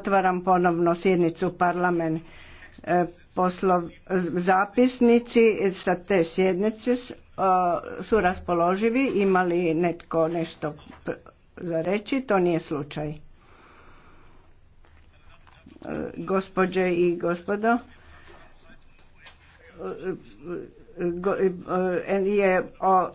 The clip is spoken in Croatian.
Otvaram ponovno sjednicu parlament. E, poslov, zapisnici sa te sjednice su raspoloživi. Ima li netko nešto za reći? To nije slučaj. E, gospođe i gospodo, e, je o